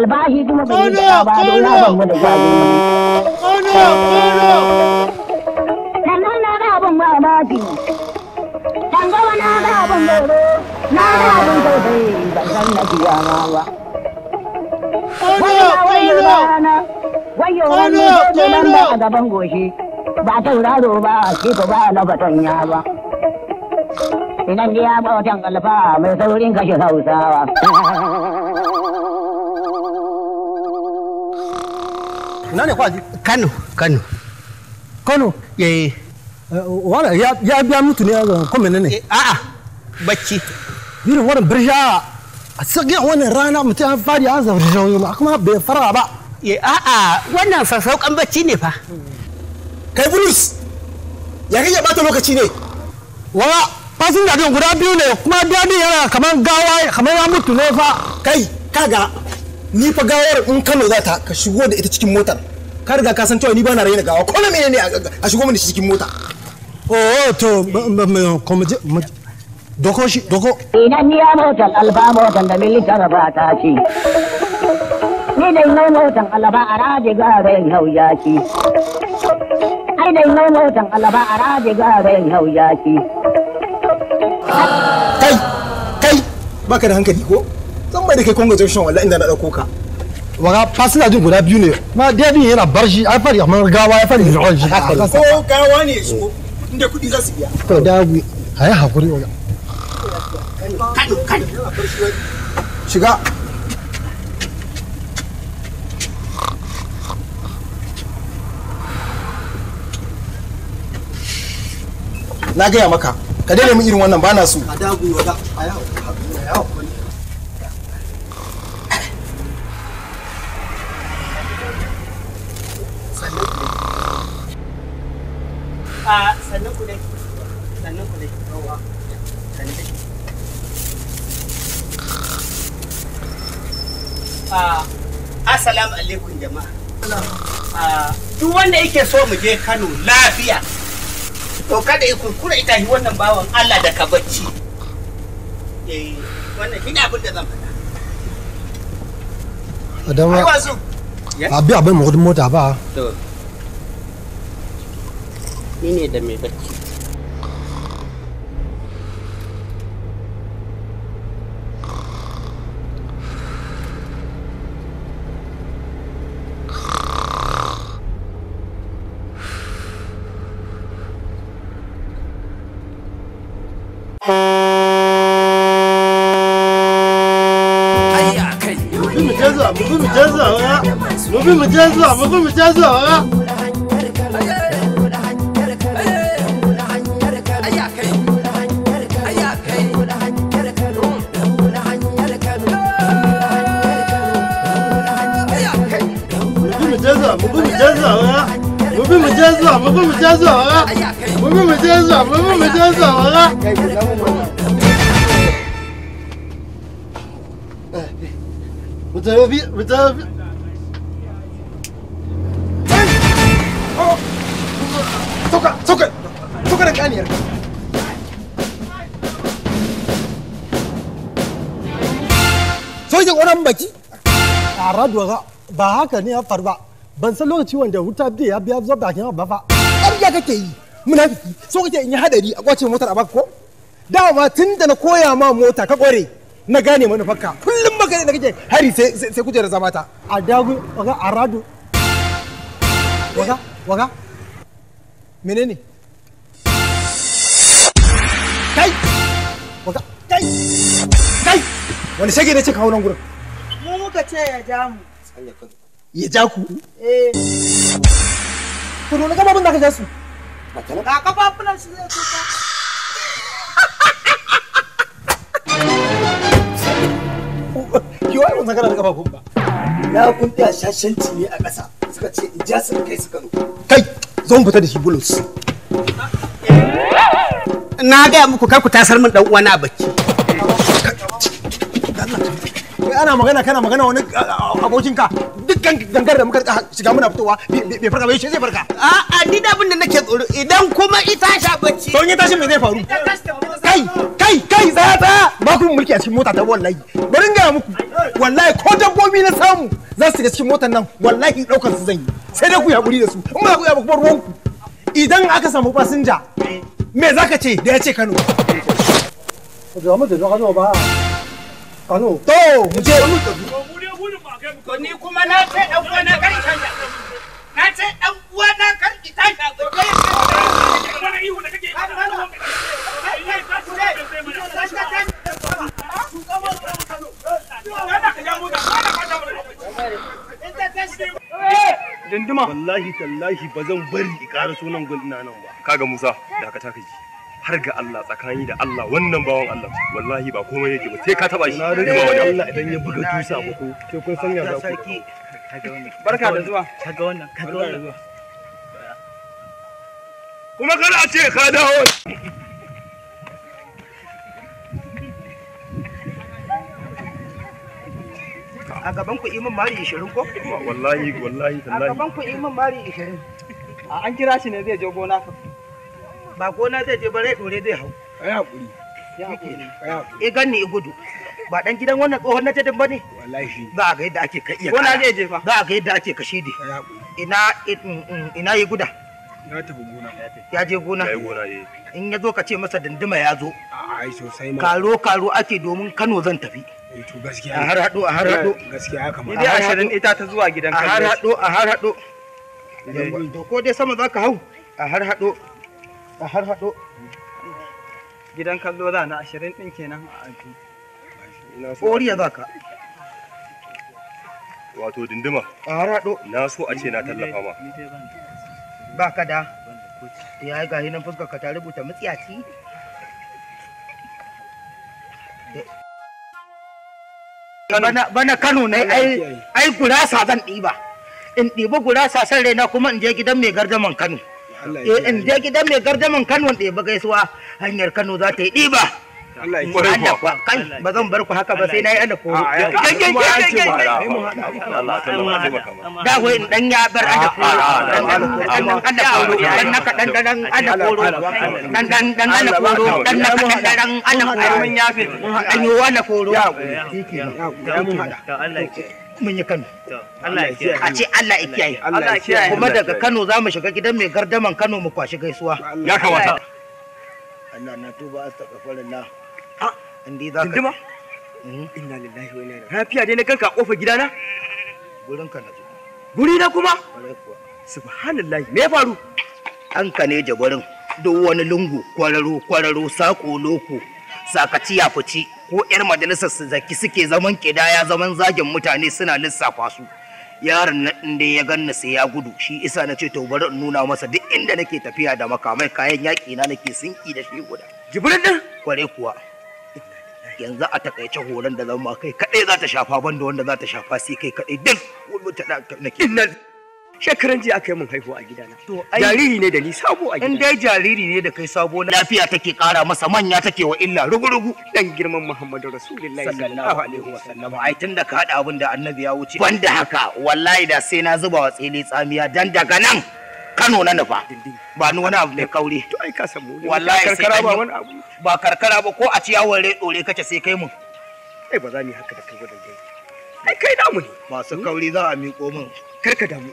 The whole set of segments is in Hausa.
albashi kuma bai yi da ba don na ban mu da sannan na ga abin mamaki tangawa na ga abin goro na ga abin tausayi ban san na biya ma ba wayo wayo rana wayo wani zobe nan ba a gaban goshi ba tauraro ba a kifa ba na fatanya ba idan ya bautan alfa mai saurin kashe hausawa ina ne kano kano kano eh, ya ya biya mutu ne ne. Eh, a'a bacci wannan birja a wannan rana mutum ma kuma bai fara ba a'a wannan bacci ne fa kai ya ya bata lokaci ne wala da guda biyu ne kuma dadi yana gawa kamar mutu kai kaga ni fa gawar in Kano za ta ka shigo da ita cikin motar ka riga ka san cewa ni ba na raina gawa ko na menene a shigo mini cikin mota oh to komaje doko shi doko ina ni ya motar alba motar da militar ba ta ci ni dai nau motar alba a raje garen hau ya ci ai dai ina motar alba a raje garen hau ya ci kai kai baka da hankali ko zan bai da kai congo junction wallahi inda na dauko ka waga fasila din guda biyu ne kuma dadin yana barshi ai fari amma gawa ya fari zuwa shi ko gawa ne su eh. inda kudi za su iya to dagu ai hakuri waga kai kai shiga na gaya maka ka daina min irin wannan ba na so a dagu waga ai hakuri a sannan ku dai sannan ku dai yawa sannan dai a assalamu alaikum jama'a duk wanda yake so mu je Kano lafiya to kada ya kurkura ita shi wannan bawan Allah da ka bacci eh wannan shi ne abin da zan faɗa Adama, abin abin mu mota ba. shi ne da mai bacci mu bi mu je zuwa mu bi mu je zuwa mu bi mu je zuwa zuwa mu bi mu je zuwa mu bi mu je zuwa mu bi mu je zuwa mu bi mu je zuwa Soka, soka. Soka da kaniyar. Soja ƙwaron baki? A raduwa ba haka ne ya faru ba. ban san lokaci wanda wuta biya ya biya zo bakin ba fa ya kake yi munafiki so kake in yi hadari a kwace motar a baka ko dama tun da na koya ma mota ka kware na gane manufarka kullum maka ne da kake hari sai sai kujera zama ta a dagu waga aradu waga waga menene kai waga kai kai wani shege ne ce kawo nan gurin mu muka ce ya damu ya ja ku eh. ku nuna gababin da ka ja su ga kafafunan shi zai tuka ki wai mun zakara da kafafun ba na kun da shashanci ne a ƙasa suka ce in ja su kai su kano kai zan fita da shi bulus na gaya muku kar ku tasar min dan uwana a baki ana magana kana magana wani abokinka dukkan gangar da muka shiga muna fitowa bai farka bai shi zai farka a'a ni da abin da nake tsoro idan kuma ita sha bacci to in tashi me zai faru kai kai kai tsaya tsaya ba ku mulki a cikin mota ta wallahi bari in gaya muku wallahi ko dabbobi na samu za su shiga cikin motar nan wallahi daukar su zan yi sai dai ku hakuri da su in ba ku ya ba ruwan ku idan aka samu fasinja me zaka ce da ya ce Kano ba mu da ba Kano. To, mu je. Ni kuma na ce ɗan uwa na kar ita Na ce ɗan uwa na kar ita ta. Wani ihu da kake Dindima. Wallahi tallahi ba zan bari ƙara sunan gwal ina nan ba. Kaga Musa, dakata ka ji. har ga Allah tsakani da Allah wannan bawan Allah wallahi ba komai yake ba sai ka taba shi na rike Allah idan ya buga dusa ba ko ke kun sanya za ku barka da zuwa kaga wannan kaga wannan kuma kada a ce ka dawo a gaban ku imin mari 20 ko wallahi wallahi a gaban ku imin mari 20 an kira shi ne zai je gona ka ba ko na zai je ba rai dore zai hau ai hakuri ya e, ganni ya e gudu ba dan gidan wannan tsohon na jadin bane wallahi ba ga yadda ake ka iya ko na zai je fa ba ga yadda ake kashi di ina e, mm, mm, ina yi guda ya tafi gona ya je gona ya gona eh. in ya zo ka ce masa dinduma ya zo ai sosai ma karo karo ake domin Kano zan tafi eh, to gaskiya a har hado a har hado gaskiya haka ma idan ashirin ita ta zuwa gidan ka a har hado a har hado to ko dai sama zaka hau a har hado a har haɗo gidan kallo za na ashirin ɗin kenan a aji ƙoriya za ka wato dindima a har haɗo na so a ce na tallafa ma ba ka da ya yi gahi nan fuskar ka ta rubuta mutsiyaci bana kano ne ai gurasa zan ɗiba in ɗibi gurasa san raina kuma in je gidan mai gardaman kano in je gidan mai gardaman Kano ɗaya ba gaisuwa hanyar Kano za ta yi ɗiba. Allah ya ba bar ku haka ba sai na yi ana Da wai in dan ya bar ana ana Dan naka dan Dan dan dan Dan naka ana mun yi Kano. Allah ya kiyaye. A ce Allah ya kiyaye. Allah ya kiyaye. Kuma daga Kano za mu shiga gidan mai gardaman Kano mu kwashi gaisuwa. Ya kamata. Allah na tuba astaghfirullah. Ah, indi za ka. Dindima? Mhm. Inna lillahi wa inna ilaihi. Lafiya dai na kanka a kofar gidana? Gurin ka na zuwa. Guri na kuma? Subhanallah. Me ya faru? An ka ne jagorin. Duk wani lungu kwararo kwararo sako loko sakaci ya fici ko ƴar majalisar su zaki suke zaman ya zaman zagin mutane suna lissafa su yaron na inda ya ganna sai ya gudu shi isa na ce to bari in nuna masa duk inda nake tafiya da makamai kayan yaƙi na nake sinki da shi guda jibril din kware kuwa yanzu a takaice horon da zama kai kadai za ta shafa banda wanda za ta shafa sai kai kadai duk wani mutane nake shekaran jiya aka yi min haihuwa a gidana. Jariri ne da ni sabo a gidana. In dai jariri ne da kai sabo lafiya take kara masa manya take wa illa rugurugu. Dan girman Muhammadu Rasulullahi sallallahu alaihi wasallam. Ai da ka hada abin da Annabi ya wuce. Banda haka wallahi da sai na zuba wa tsili tsamiya dan daga nan Kano na nufa. Ba ni wani abu mai kauri. To ai ka samu. Wallahi karkara ba wani abu. Ba karkara ba ko a ciyawar dore kace sai kai mun. Ai ba za ni haka da kai wadannan. Ai kai damu ne. Masu kauri za a miƙo min. Karka damu.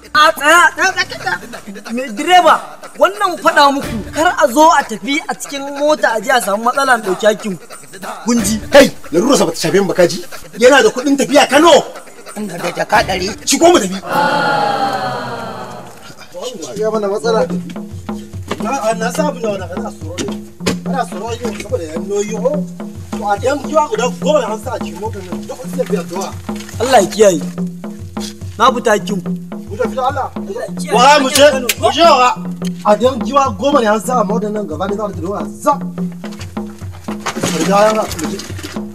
mai direba wannan faɗa muku kar a zo a tafi a cikin mota a ji a samu matsala ɗauki hakin kunji kai larura sa bata shafe mu bakaji yana da kuɗin tafiya Kano inda da jaka ɗari ci ko mu tafi ya mana matsala na na sabu na wani kana ne kana soro yau saboda ya noyi ho to a dan kiwa guda goma na sa a cikin motar nan duk sai biya zuwa Allah ya kiyaye na buta kin Mu tafi da Allah. Wara mu je, mu je wara. A dan giwa goma ne an sa a amma nan gaba ne za ta dora zam. Riga ya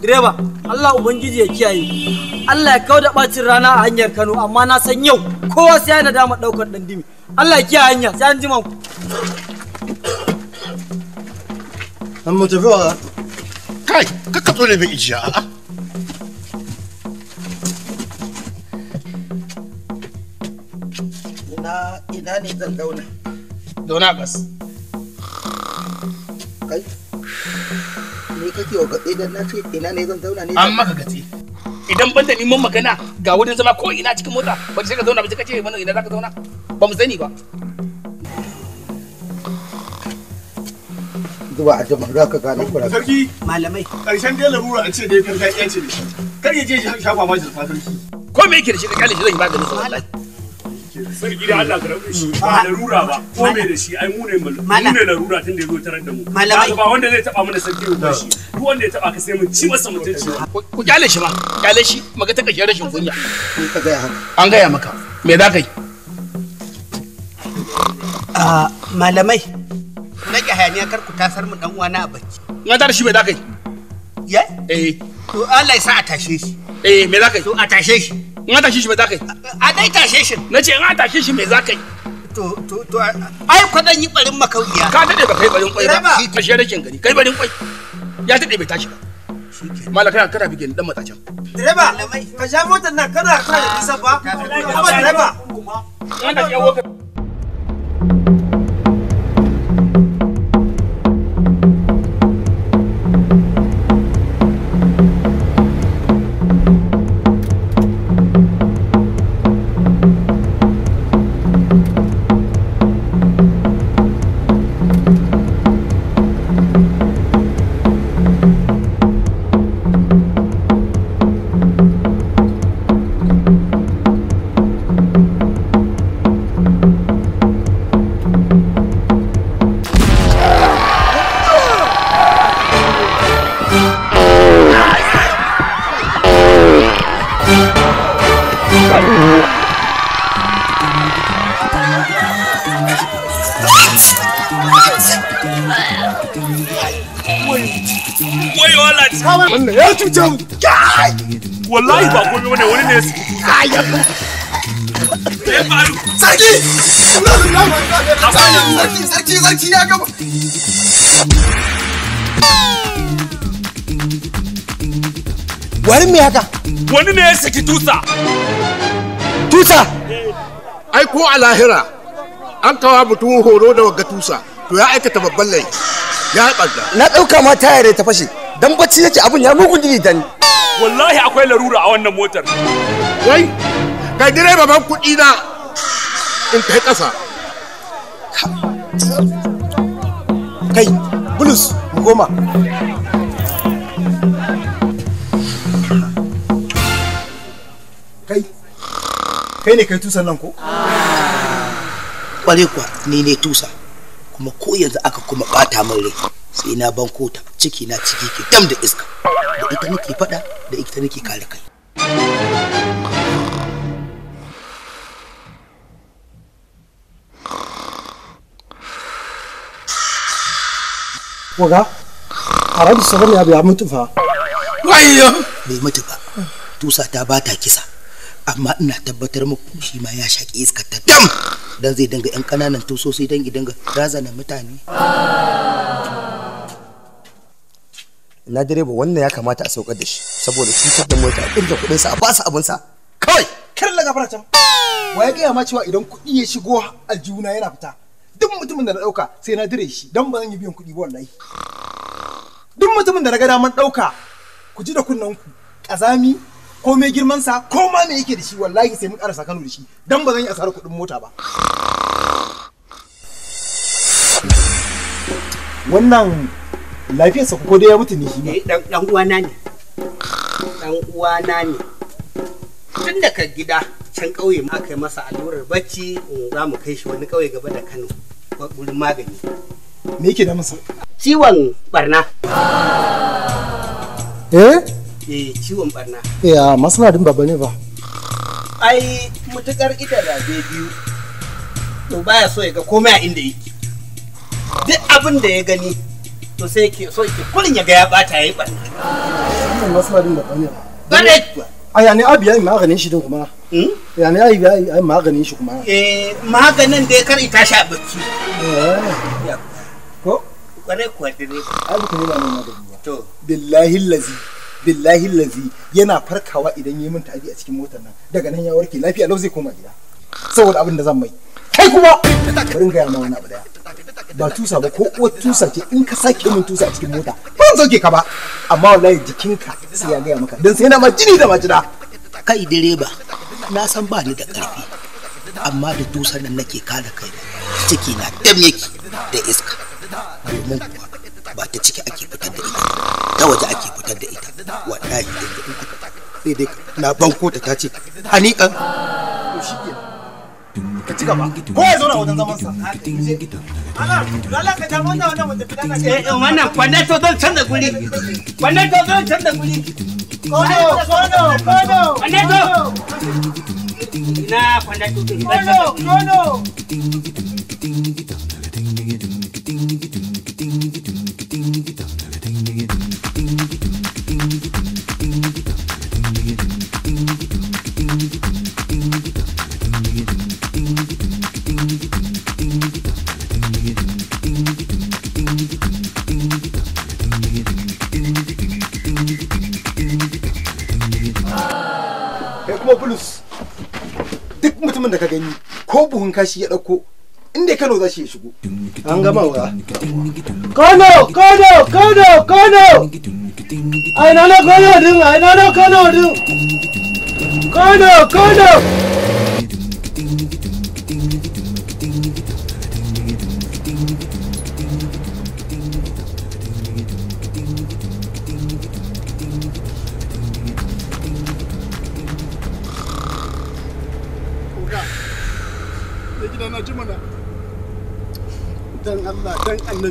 Direba, Allah Ubangiji ya kiyaye. Allah ya kauda bacin rana a hanyar Kano amma na san yau kowa sai yana dama daukar dan dimi. Allah ya kiyaye hanya sai an jima ku. An mu tafi wara. Kai, kakka tsole mai ijiya. ina ina ne zan zauna gas kai ni kake wa gatsi dan na ce ina ne zan zauna ne an maka gatsi idan banda ni mun magana ga wurin zama ko ina cikin mota ba ka zauna ba ka ce mana ina zaka zauna ba mu sani ba zuwa a jama'a za ka gane kura. Sarki malamai. Karshen dai larura a ce dai gargajiya ce ne Kar ya je shafa ma sarki. Ko me yake da shi da kyale shi zai maganin sa wallahi. sarki da Allah ka rabu shi ba larura ba ko me da shi ai mu ne mu ne larura tun da yazo tarar da mu malamai ba wanda zai taba mana sarki ba shi duk wanda ya taba ka sai mun ci masa mutunci ku kyale shi ba kyale shi maga ta kashe rashin kunya an gaya maka me za ka yi malamai na ki hayaniya kar ku tasar mu dan uwana a bacci na tar shi me za ka yi ya eh to Allah ya sa a tashe shi eh me za ka yi to a tashe shi in an tashe shi za ka yi a dai tashe shi na ce in an tashe shi za ka yi to to to ai zan yi barin ka ba kai barin ba kai barin kwai ya bai tashi ba mala kana kana dan direba ka motar nan kana kana bisa ba direba sarki sarki sarki sarki ya me haka wani ne ya saki tusa tusa ai ko a lahira an kawo mutumin horo da wagga tusa to ya aikata babban lai ya haɓar na ɗauka ma tayar ta fashe dan bacci yake abin ya mugun ta ni wallahi akwai larura a wannan motar wai kai direba ban kuɗi na in kai ƙasa kai bulus goma kai kai ne kai tusan nan ko ƙware kwa ni ne tusa kuma ko yanzu aka kuma bata min rai sai na banko ta ciki na ciki ke dam da iska da ita nake faɗa da ita nake kare kai Waga, a radu sabon ya biya mutu fa. Wayyo! Bai mutufa, ba, tusa ta bata kisa. amma ina tabbatar muku shi ma ya shaƙi iskar ta dam dan zai danga yan ƙananan tusosi dan idan razana mutane na direba wannan ya kamata a saukar da shi saboda cutar da mota a kirga kuɗin sa a su abin sa kawai kar la gafara ta ya gaya ma cewa idan kuɗi ya shigo aljuna yana fita duk mutumin da na ɗauka sai na dire shi dan ba zan yi biyan kuɗi ba wallahi duk mutumin da na ga daman ɗauka ku ji da kunnen ku ƙazami ko mai girman sa ko ma me yake da shi wallahi sai mun karasa Kano da shi dan ba zan yi asarar kuɗin mota ba wannan lafiyarsa ko dai ya mutu ne shi eh, ne dan uwana ne dan uwana ne tun daga gida can ƙauye ma kai masa allurar bacci za mu kai shi wani ƙauye gaba da Kano wurin magani me yake da masa ciwon barna eh eh ciwon barna ya masana din baba ne ba ai mutukar ita rabe biyu to baya so ya ga komai a inda yake duk abin da ya gani to sai ke so ke kullun ya ga ya bata yayi barna wannan masana din baba ne ba ne a yani abi yayi maganin shi din kuma yani ai ai maganin shi kuma eh maganin da ya kar ita shi a bacci eh. ko kwarai kuwa dire ai ba ne ba ne magani ba to billahi lazi billahi lazi yana farkawa idan yayi min tari a cikin motar nan daga nan ya warke lafiya lau zai koma gida saboda abin da zan mai kai kuma bari gaya ma wani abu daya ba tusa ba ko uwar tusa ce in ka sake min tusa a cikin mota ban sauke ka ba amma wallahi jikinka sai ya gaya maka dan sai na majini da majina kai direba na san ba ni da karfi amma da tusan nan nake kada kai ciki na dam yake da iska domin ba ta ciki ake fitar da ita ta waje ake fitar da ita wallahi sai dai na banko ta tace hanikan to shi ke ka ci gaba ko ya zauna wajen zaman sa ala ka ta wannan wannan wanda fitan ka eh, eh wannan to zan canza guri kwanan to zan canza guri kodo to to kodo kodo bulus duk mutumin da ka gani ko buhun kashi ya ɗauko inda kano za shi ya shigo an gama wa kano kano kano kano ai na kano din ai na na kano din kano kano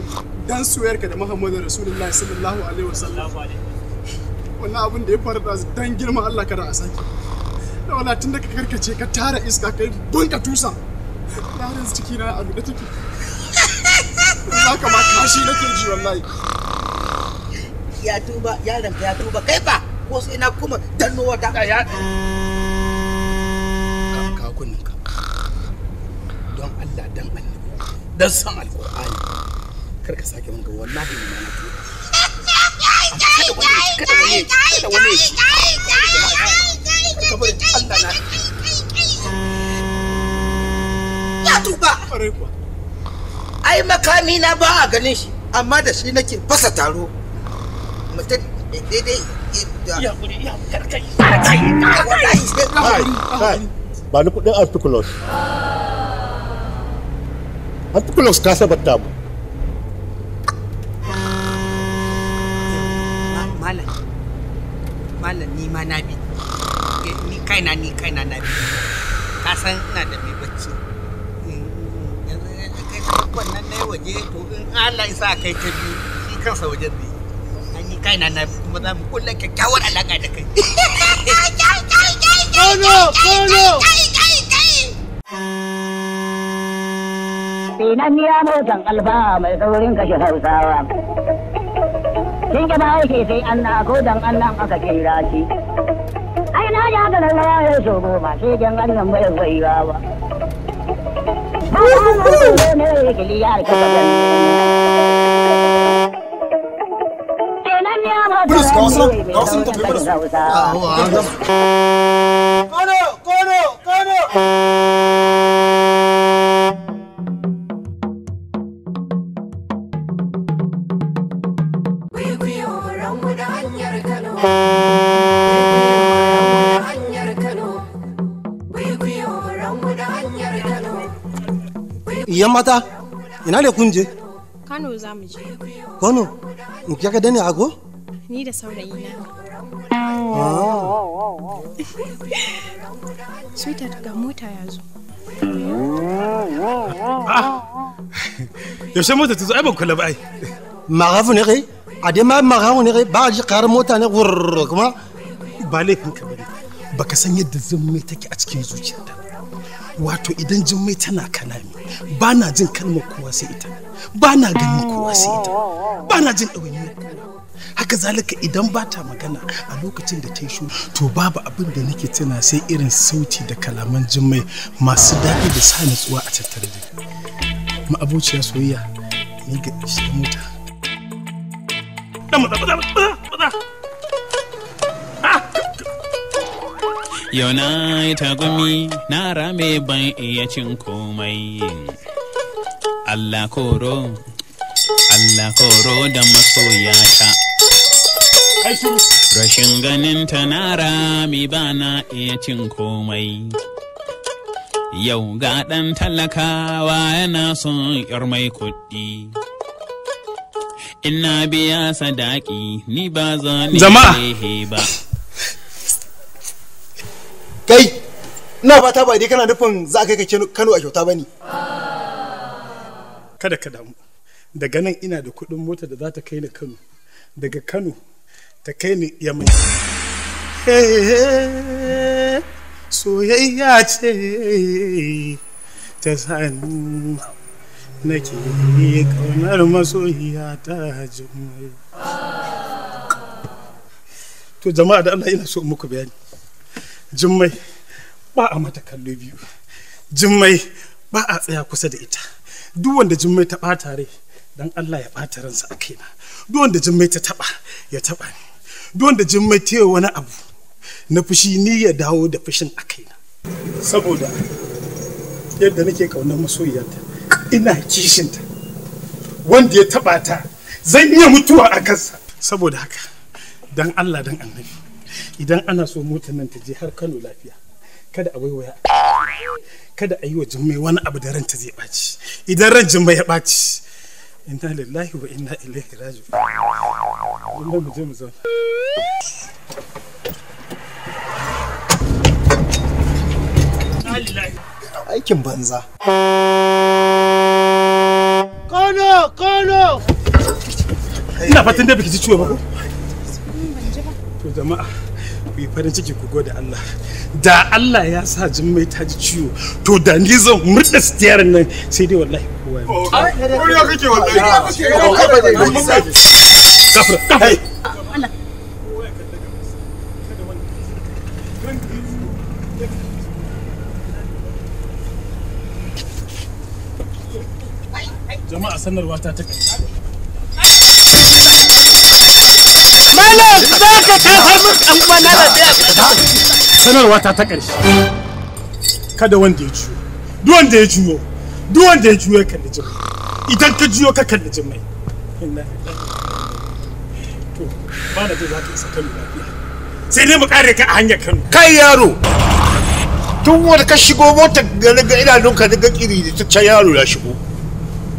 wasallam dan ka da Muhammadu Rasulullahi sallallahu alaihi wasallam wannan abin da ya faru da dan girman Allah kada a saki da wala tun da ka karkace ka tara iska kai bunka tusa na ran ciki na a da take za ka ma kashi nake ji wallahi ya tuba yaron ya tuba kai fa ko sai na kuma dannowa ta ya ka don Allah dan Allah dan san Allah kar ka sake min wallahi ni ma na kada wani kada wani kada Allah na ya tuba ai makami na ba a ganin shi amma da shi nake fasa taro mutum daidai ba ni kudin articulus articulus ka sabata mu malam malam ni ma na bi eh, ni kaina ni kaina na bi ka san ina da mai bacci hmm, wannan na waje to in Allah ya sa kai ta bi shi kansa wajen ne ni kai na na bi kuma za mu kulla kyakkyawar alaƙa da kai Kono-kono. Sinan ya mai zan alba mai saurin kashe hausawa. in ga bahaushe sai an na ko dan Allah aka kira shi ai na ja ga nan ya yi so goma sai dan Allah bai bai ba ba ne ne ke liya ka ba Bruce, ga wasu nan tambayi mana su. mata ina da kunje kano za mu je kano in kya ka dani ago ni da saurayi na ah. sweetheart ga mota ya zo ah. yaushe mota ta zo ai ban kula ba ai magafu ne kai a dai ma magafu ne kai ba a ji karar mota ne kuma ba laifin ka ba ka san yadda zan mai take a cikin zuciyarta wato idan jummai tana kanami ba na jin kalma kowa sai ita ba na ganin kowa sai ita ba na jin ɗawainiyar haka zalika idan ba ta magana a lokacin da ta yi shuru to babu abin da nake tana sai irin sauti da kalaman jimai masu daɗi da sa nutsuwa a tattare da abuciya soyayya ni ga shi mota. Dama, dama, dama, dama, dama. yau na yi tagumi na rame ban iya cin komai Allah koro Allah koro da masoyata rashin ganin ta na rami ba na iya cin komai yau ga ɗan talakawa yana son yar mai kuɗi. Ina biya sadaki ni ba zane ba. ina fata ba dai kana nufin za ka kai Kano a kyauta bane kada ka damu daga nan ina da kuɗin mota da za ta kai ni Kano daga Kano ta kai ni Yamai soyayya ce ta san nake kaunar masoyiya ta jimai to jama'a da Allah ina so muku bayani jimai. ba a mata kallo biyu jummai ba a tsaya kusa da ita duk wanda jummai ta bata rai dan Allah ya bata ransa a kaina duk wanda jummai ta taɓa ya taɓa ni duk wanda jummai ta yi wani abu na fushi ni ya dawo da fushin a kaina saboda yadda nake ƙaunar masoyiyarta ina kishinta wanda ya taɓa ta zan iya mutuwa a kansa saboda haka dan Allah dan annabi idan ana so motar nan ta je har Kano lafiya kada a waiwaya kada a yi wa jimmai wani abu da ranta zai ɓaci idan ran jimmai ya ɓaci inna lillahi wa inna ilaihi raji'un wannan mu je mu zauna aikin banza kano kano ina fatan da biki ci ciwo ba ko to jama'a ku yi farin ciki ku gode Allah da Allah ya sa mai ta ji ciwo to da ni zan murda stiyarin nan sai dai wallahi kowa ya wallahi jama'a sanarwa ta ta kai za ka tafar min dan da ta ta kada wanda ya ciwo duk wanda ya juyo duk wanda ya juyo kan jin idan ka juyo ka kan jin mai to ba da za ka isa kan lafiya sai dai mu kare ka a hanyar kanu kai yaro tun wanda ka shigo mota ga daga idanunka daga kiri da ta yaro ya shigo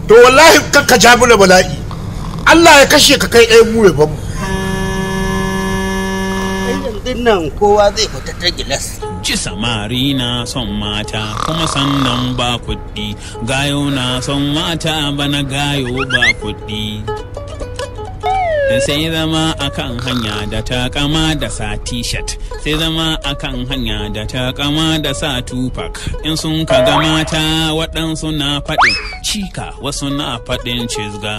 to wallahi kanka ka bala'i Allah ya kashe ka kai ɗaya mu ya bamu yanzu nan kowa zai fita ta gilas. Ji samari na son mata kuma sannan ba kuɗi gayo na son mata bana gayo ba kuɗi. sai zama akan hanya da ta kama da sa t-shirt sai zama akan hanya da ta kama da sa tupac in sun ka ga mata waɗansu na faɗin cika wasu na faɗin cizga.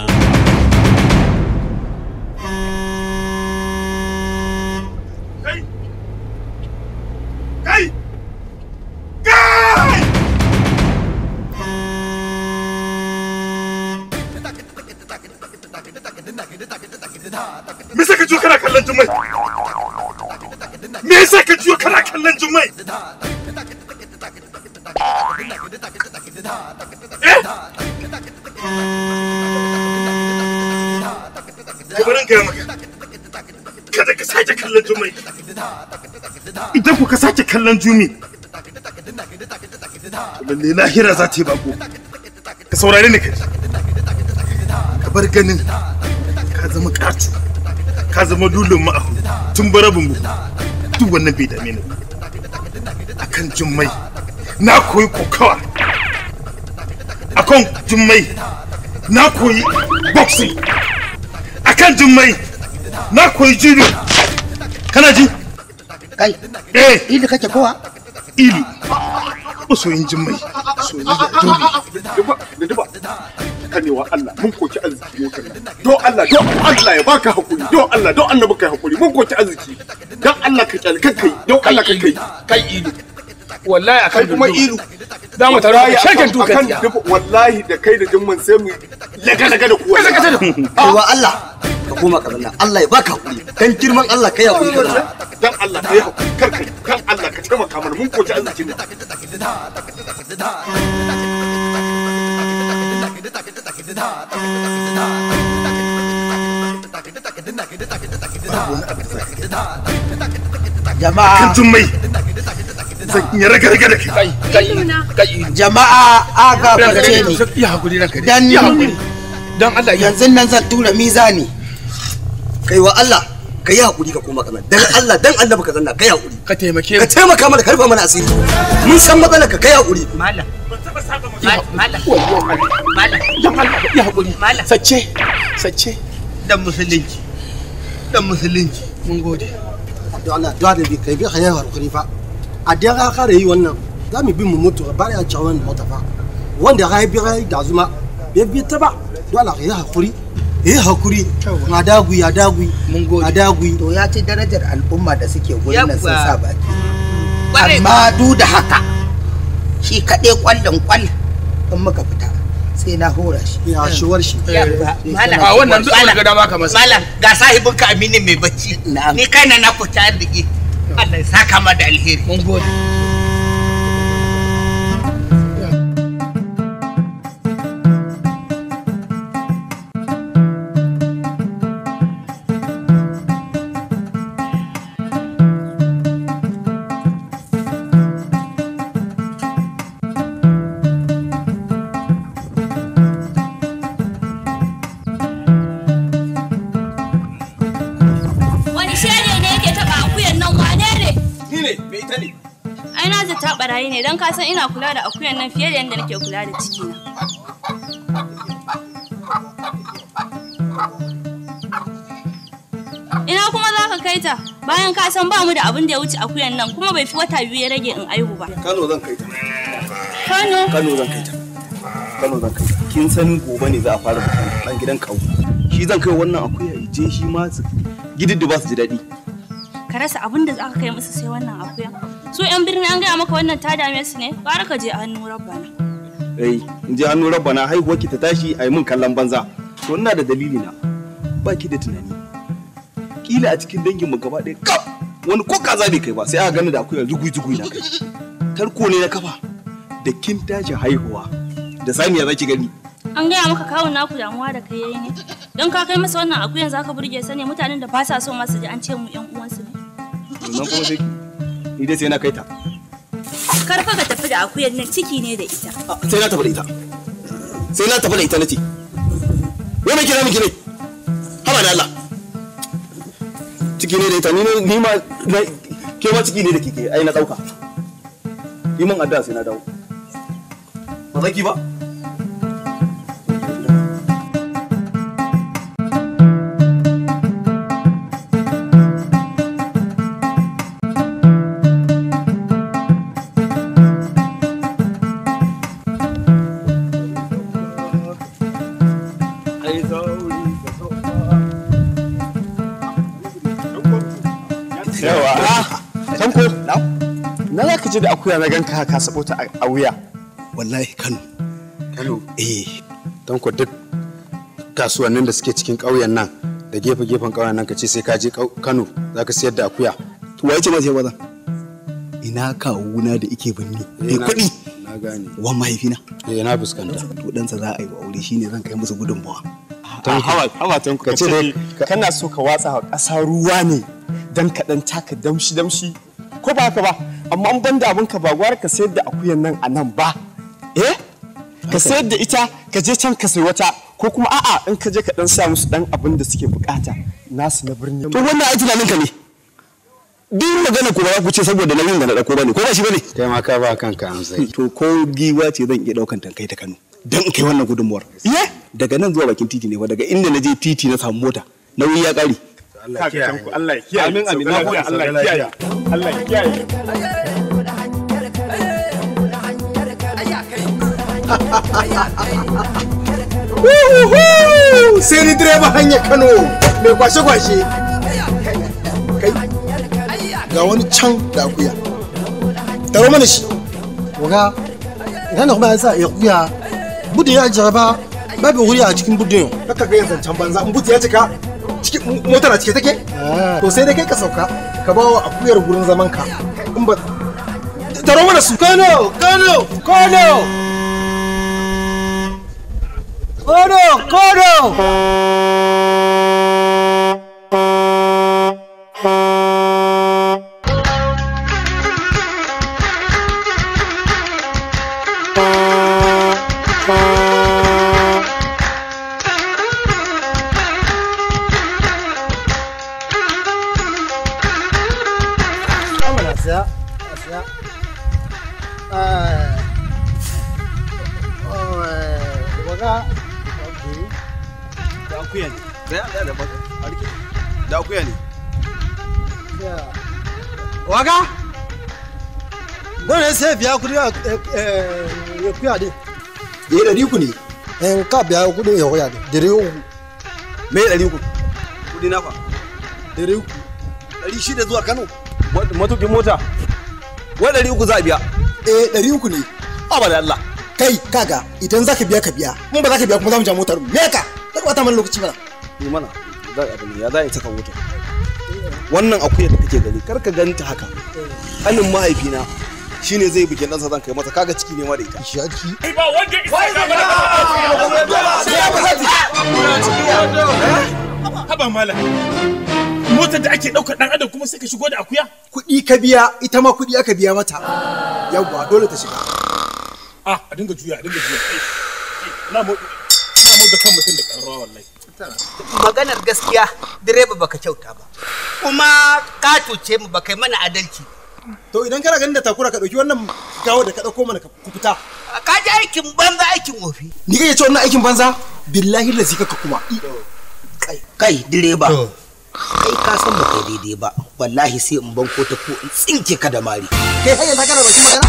ku ka sake kallon jumi lalle lahira za ta yi bako ka saurare ni ka ka bar ganin ka zama katu ka zama dulun ma'ahu tun bara mu duk wannan bai dame ni kan jummai na koyi kokawa akan jummai na koyi boxing akan jummai na koyi judo kana ji kai eh ili kake kowa ili masoyin jimmai soyayya dole da duba kanewa Allah mun koki arziki motar do Allah do Allah ya baka hakuri do Allah do annabi kai hakuri mun koki arziki dan Allah ka kai kai kai do Allah ka kai kai ili wallahi akan kuma ili da mu taro a shakin dukan wallahi da kai da jimman sai mu laga laga da kuwa laga laga da kuwa Allah ka koma kabilla Allah ya baka hakuri dan girman Allah kai hakuri dan Allah ka yau hakuri kar ka kan Allah ka taimaka kamar mun koci Allah nan jama'a jama'a a aga farce ne dan yanzu nan zan tura mizani kai wa Allah ka yi hakuri ka koma kanan dan Allah dan annabi ka zanna ka yi hakuri ka taimake ka taimaka mana ka rufa mana asiri mun san matsalar ka ka yi hakuri malam malam ya hakuri malam sace sace dan musulunci dan musulunci mun gode don Allah da bi kai bi hayar hakuri fa a dan ka kare yi wannan za mu bi mu mutu ba ya cawan mota fa wanda ka yi bi da zuma bai bi ta ba dole ka yi hakuri eh hakuri a dagui a dagui a dagui to ya ce darajar al'umma da suke gurin nan sun sa baki amma du da haka shi kaɗai kwallon kwal in muka fita sai na hora shi ya shuwar shi eh, malam a wannan duk an ga dama ka masa malam ga sahibin ka aminin mai bacci ni kaina na fita da Allah ya saka ma da alheri mun gode ka san ina kula da akuyan nan fiye da yadda nake kula da cikina. Ina kuma za ka kai ta bayan ka san ba mu da abin da ya wuce akuyan nan kuma bai fi wata biyu ya rage in aihu ba. Kano zan kai ta. Kano? Kano zan kai ta. Kano zan kai ta. Kin san gobe ne za a fara dan gidan kawu. Shi zan kai wannan akuya je shi ma su gididdi ba su ji daɗi. Ka rasa abin da za ka kai musu sai wannan akuya. su yan birni an gaya maka wannan ta dame su ne bara ka je a hannu rabbana eh in je hannu rabbana haihuwar ki ta tashi a yi min kallon banza to ina da dalili na ba ki da tunani kila a cikin dangin mu gaba ɗaya kaf wani ko kaza bai kai ba sai aka gani da akuya zugui zugui na kai tarko ne na kafa da kin tashi haihuwa da saniya zaki gani an gaya maka kawun naku damuwa da kai yayi ne don ka kai masa wannan akuyan zaka burge sa ne mutanen da ba sa so masu ji an ce mu yan uwansu ne ni dai sai na kai ta karfa ka tafi da akuyar nan ciki ne da ita sai na tafi da ita sai na tafi da ita nace wai me kira miki ne haba da Allah ciki ne da ita ni ne ni ma ke ma ciki ne da kike ai na dauka Ni min addu'a sai na dawo ba zaki ba je da akuya na ganka ka sabo ta a wuya wallahi Kano Kano eh don ku duk kasuwannin da suke cikin ƙauyen nan da gefe gefen ƙauyen nan ka ce sai ka je Kano za ka siyar da akuya to waye ce ma sai maza ina kawuna da ike binni eh kuɗi na gane wan mahaifina eh na fuskanta to ɗansa za a yi wa aure shine zan kai musu gudunmawa ah, hawatan ka ce kana so ka watsa ƙasa ruwa ne dan kaɗan taka damshi damshi ko ba haka ba amma an ban da ka ba gwara ka sayar da akuyan nan a nan ba eh ka sayar da ita ka je can ka sayi wata ko kuma a'a in ka je ka dan sa musu dan abin da suke bukata nasu na birni to wannan ai ka ne duk magana ko ba ku ce saboda nauyin da na dauko bane ko ba shi bane kai ma ka ba kanka amsai to ko giwa ce zan iya daukan tankai ta Kano dan in kai wannan gudunmuwar eh daga nan zuwa bakin titi ne ba daga inda na je titi na samu mota nauyi ya kare Allah ya kiyaye Allah ya kiyaye amin amin na gode Allah ya kiyaye Allah ya kiyaye sai ni direba hanyar Kano mai kwashe-kwashe kai ga wani can da akuya taro mana shi waga idan da kuma ya sa ya kuya budin ya jaraba babu wuri a cikin budin kaka ga yin zancen banza in buti ya cika ciki motar a cike take eh. to sai dai kai ka sauka ka ba a kuyar gurin zaman ka in ba taro mana su kano kano kano kano kano ya kuya din eh ɗari ku ne eh ka biya kuɗin ya kuya ne ɗari uku me ɗari uku kuɗi na fa ɗari uku ɗari shida zuwa kano matukin mota wai ɗari uku za a biya eh ɗari uku ne abada Allah kai kaga idan zaka biya ka biya mun ba zaka biya kuma za mu ja motar me ka zaka bata mana lokaci mana ni mana za a bani ya za a saka motar wannan akuyar da kake gani kar ka ganta haka kanin mahaifina shine zai bikin ɗansa zan kai mata kaga ciki ne ma da ita shaki kai ba wanda isa ka bada sai ya fasa haba mala motar da ake ɗaukar ɗan adam kuma sai ka shigo da akuya kuɗi ka biya ita ma kuɗi aka biya mata yawwa dole ta shiga ah a dinga juya a dinga juya na mu na mu da kan mutum da ƙarrawa wallahi maganar gaskiya direba baka kyauta ba kuma ka cuce mu baka mana adalci To idan kana ganin da takura ka ɗauki wannan gawo da ka ɗauko mana ka fita. Ka ji aikin banza aikin ofi. Ni kake ce wannan aikin banza? Billahi da zika ka kuma. Kai, kai direba. Kai ka san ba kai daidai ba. Wallahi sai in banko ta ko in tsinke ka da mari. Kai hanyar ta kana bakin magana?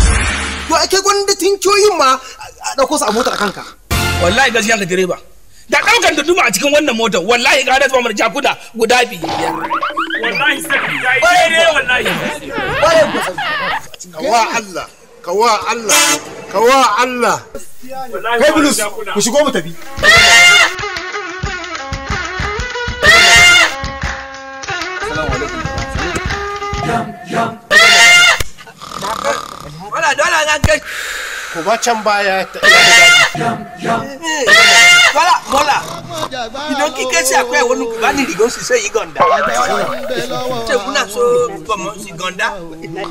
To ake gwanda tinkiyoyin ma a ɗauko su a motar kanka. Wallahi gaskiya ka direba. da daukan da duma a cikin wannan motar wallahi ga zuba mana jakuda guda biyar wallahi sai ya yi ne wallahi kawa Allah kawa Allah kawa Allah kai bulus ku shigo mu tafi Yum, yum. Wala, dole na gashi. kuma can baya Kola, k'i Idan se ce akwai wani kubani rigon su sai iganda. Ce kuna so kuma su iganda? Me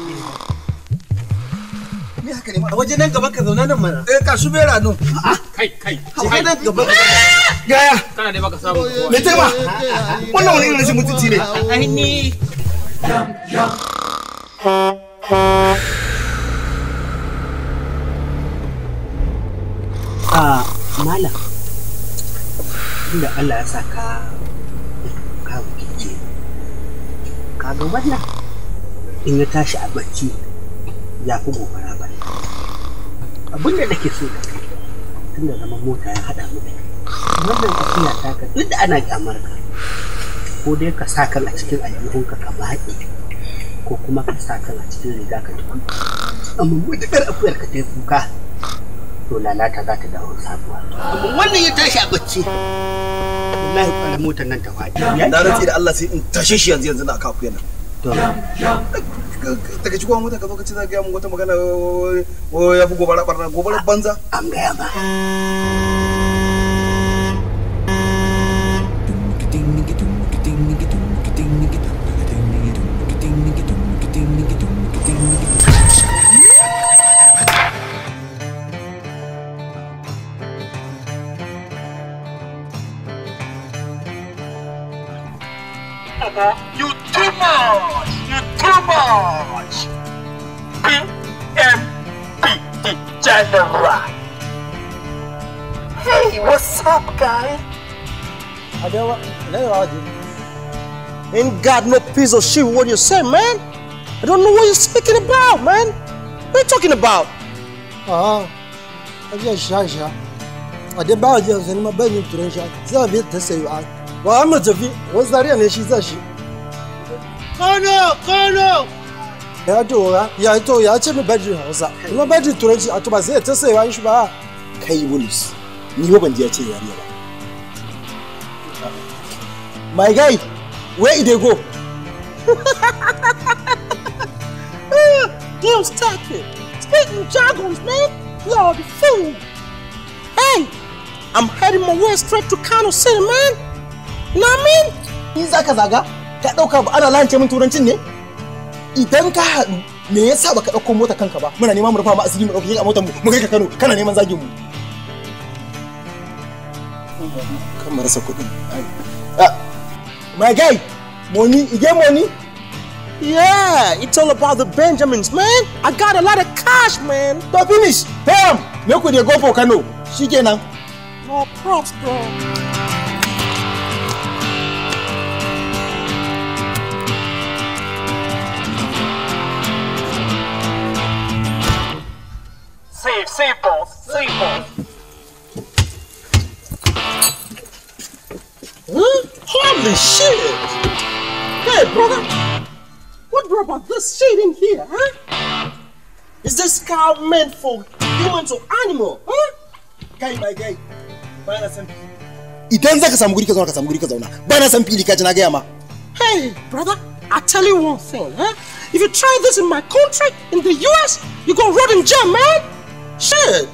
haka ne? A waje nan gaba ka zauna nan mana. Eh ka su bera nan. Ah, kai kai. Kai nan gaba. Yaya? Kana ne baka samu. Me ta ba? Wannan wani irin rashin mutunci ne. Ai ni. Yam yam. a ah, mala inda allah ya sa ka kawo kike kaga wannan in ya tashi a bacci ya fi gobara ba abin da nake so da kai tun da zaman mota ya haɗa mu da wannan tafiya ta ka duk da ana kyamar ka ko dai ka sa kan a cikin ayyukan ka baƙi ko kuma ka sa kan a cikin riga ka tukun amma mutukar akuyar ka ta kuka to lalata za ta dawo sabuwa wannan ya tashi a bacci wallahi kwanan motar nan ta faɗi na rantsi da Allah sai in tashe shi yanzu yanzu na kafu yana To. daga ci kuma mutaka lokaci za ga mu wata magana ya fi gobara barna gobara banza an gaya ba Unbelievable. You too much. You too much. BMB general. Hey, what's up, guy? I don't want to argue. Ain't got no piece of shit what you say, man. I don't know what you're speaking about, man. What are you talking about? Ah, uh, I'm just shy, shy. I did buy a jail, and my bedroom to the shop. So I did to say, you are. ba mu tafi wani zariya ne shi za shi kano kano ya dora ya to ya ce mi bajin hausa kuma bajin turanci a to ba sai ta sayewa shi ba kai wulis ni ba ban ji ya ce yariya ba my guy where e dey go don't stop it. in jargons, man. You're the fool. Hey, I'm heading my way straight to Kano City, man. Namin! Ni za ka zaga? Ka dauka ba ana lance min turancin ne? Idan ka haɗu, me yasa baka dauko mota kanka ba? Muna neman mu rufa ma asiri mu ɗauke ga motar mu, mu kai ka Kano, kana neman zagin mu. Kan marasa kuɗi. Ah, my guy, money, you get money? Yeah, it's all about the Benjamins, man. I got a lot of cash, man. To finish, bam, make we dey go for Kano. Shikenan. No props, bro. save, save balls, Holy shit! Hey, brother! What about this shit in here, huh? Is this cow meant for humans or animal, huh? Guy by guy, bana san pili. Idan zaka samu guri ka zauna ka samu guri ka zauna. Bana san pili ka Hey, brother, I tell you one thing, huh? If you try this in my country, in the US, you go rot in jail, man! Shit!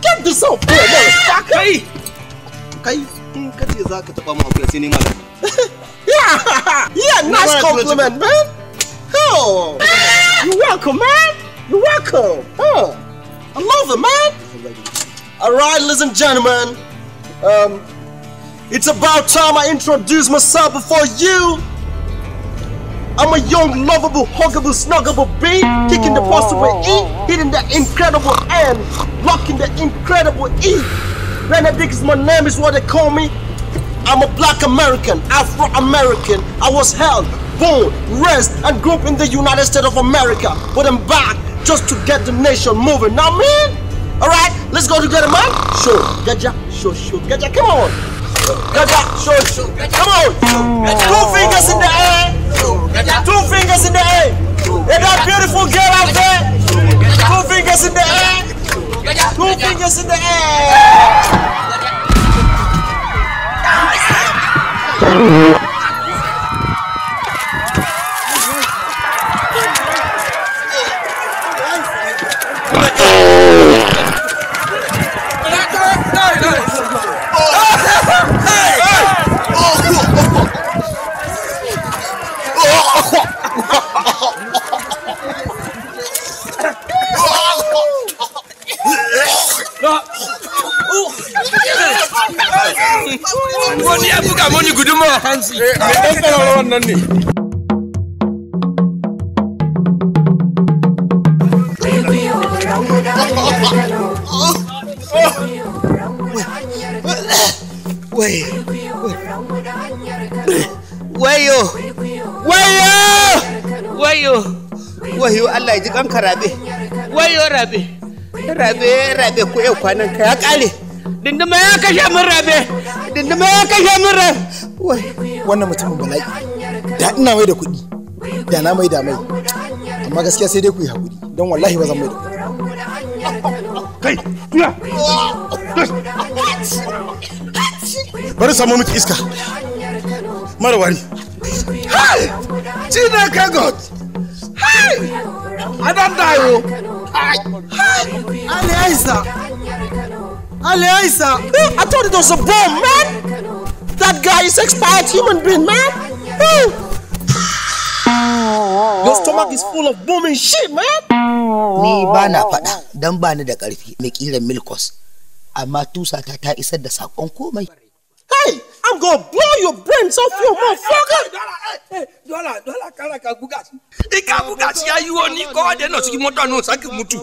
Get this off, poor ah! motherfucker! Kai! Kai, in ka ce za ka taɓa mahaukiyar sai nema daga. Yeah! Yeah, nice compliment, man! Oh! Ah! You're welcome, man! You're welcome! Oh! I love it, man! Alright, ladies and gentlemen. Um, it's about time I introduce myself before you I'm a young, lovable, huggable, snuggable bee, kicking the possible E, hitting the incredible M, locking the incredible E. Benedict is my name, is what they call me. I'm a black American, Afro American. I was held, born, raised, and grew up in the United States of America. But I'm back just to get the nation moving. Now, man, all right, let's go together, man. Sure, get ya, sure, sure, get ya. Come on. Shoot, shoot. Come on. Two fingers in the air. Two fingers in the air. And that beautiful girl out there. Two fingers in the air. Two fingers in the air. wani ya buga mani gudunmu a hansi. Eh, a ɗan tsara wannan ne. Wayo! Wayo! Wayo! Wayo Allah ya ji kan rabe. Wayo rabe. Rabe rabe ko yau kwanan ka ya kare. dindima ya kashe min rabe dindima ya kashe min rabe wannan mutumin bala'i da ina mai da kuɗi da na mai da mai amma gaskiya sai dai ku yi haƙuri don wallahi ba zan mai da kuɗi kai tuya bari samu miki iska mara wari hai cina ka god hai adan dayo hai hai alaisa Aliasa, I thought it was a bomb, man. That guy is expired human being, man. Your stomach is full of booming shit, man. Ni ba na faɗa don ba ni da ƙarfi mai ƙiran milkos, amma tusa ta ta isar da sakon komai. hey i'm gonna blow your brains off you motherfucker. dọ́là dọ́là kára ka bukasi. i ka bukasi ya yiwo ni kọ́ de nọ mutu.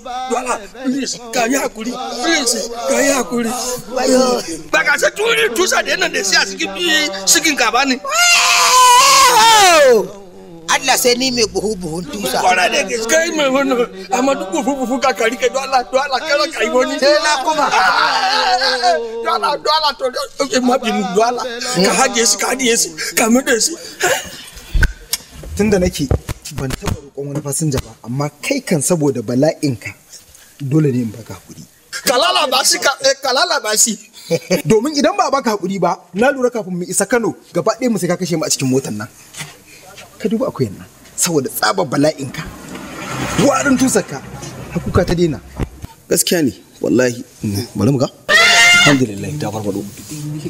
please ka please ka yà kuli. gbàgàsẹ tuuri tusa de nà de si a sigi bii sigi Allah sai ni mai buhu buhun tusa kwana da kai mai wannan amma duk buhu buhu ka kari kai dola dola don Allah kai wani sai na kuma Dola ah, ah, ah, dola to Allah eh, ma bi mu dola. ka haje shi ka haje shi ka mude shi tunda nake ban taba roƙon wani fasinja ba amma kai kan saboda bala'inka dole ne in baka hakuri kalala ba shi kalala eh, ba shi domin idan ba baka hakuri ba na lura kafin mu isa Kano gaba ɗaya mu sai ka kashe mu a cikin motar nan ka duba akwai nan saboda tsaba bala'in ka warin tusar ka hakuka ta daina gaskiya ne wallahi bari mu ga alhamdulillah ta farfado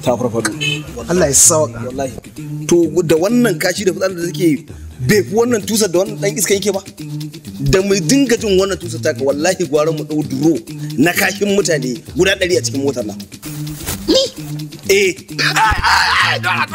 ta farfado Allah ya sawaka wallahi to da wannan kashi da fitsarin da take bai wannan tusar da wannan dan iska yake ba da mu dinga jin wannan tusar taka wallahi gwaran mu dau duro na kashin mutane guda ɗari a cikin motar nan ni eh yi mana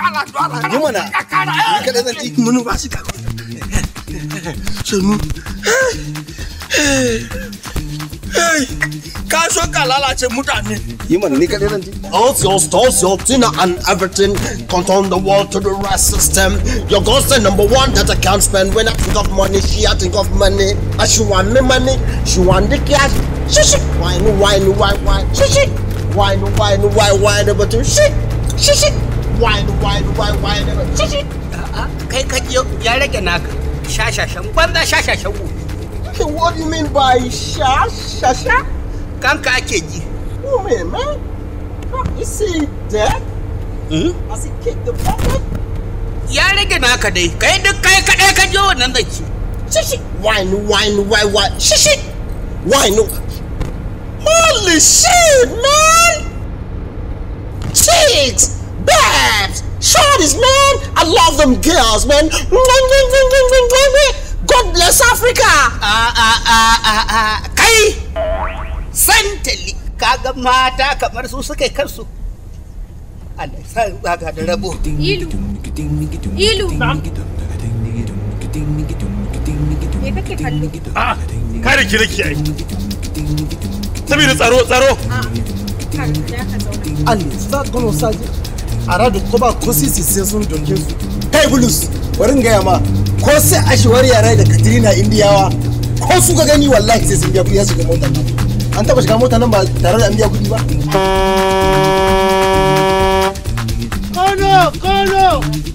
mutane yi mana ni kada zan ci all your stores your dinner and everything control the world to the right system your constant number one that i can't spend when i think of money she i think of money and she want me money she want the cash she she why no why no why why she she wine wine wine wine batun shit shit shit wine wine wine wine batun shit shit kai ka ya rage naka shashashan banza shashashan ku what do you mean by shashasha kanka ake ji oh man man you see that mm -hmm. as he kicked the bucket ya rage naka dai kai duk kai kadai ka je wannan zance shishi wine wine wine wine shishi wine Holy shit, man! Chicks! Babs! Shorties, man! I love them girls, man! God bless Africa! Ah, ah, ah, ah, ah. Kai! Santali! Kaga mata kamar su suke kansu. Allah sa baga da rabo. Ilu! Ilu! Me kake kallo? Ah! Kare ki rake saboda tsaro tsaro ali za ka gano saji a radu ko ba ko sisi sai sun donke su kai bulus warin gaya ma ko sai a shi wari yara da katrina indiyawa ko su ga gani wallahi sai sun biya kuɗi ya shiga motar nan an taba shiga mota nan ba tare da an biya kuɗi ba Kano! Kano!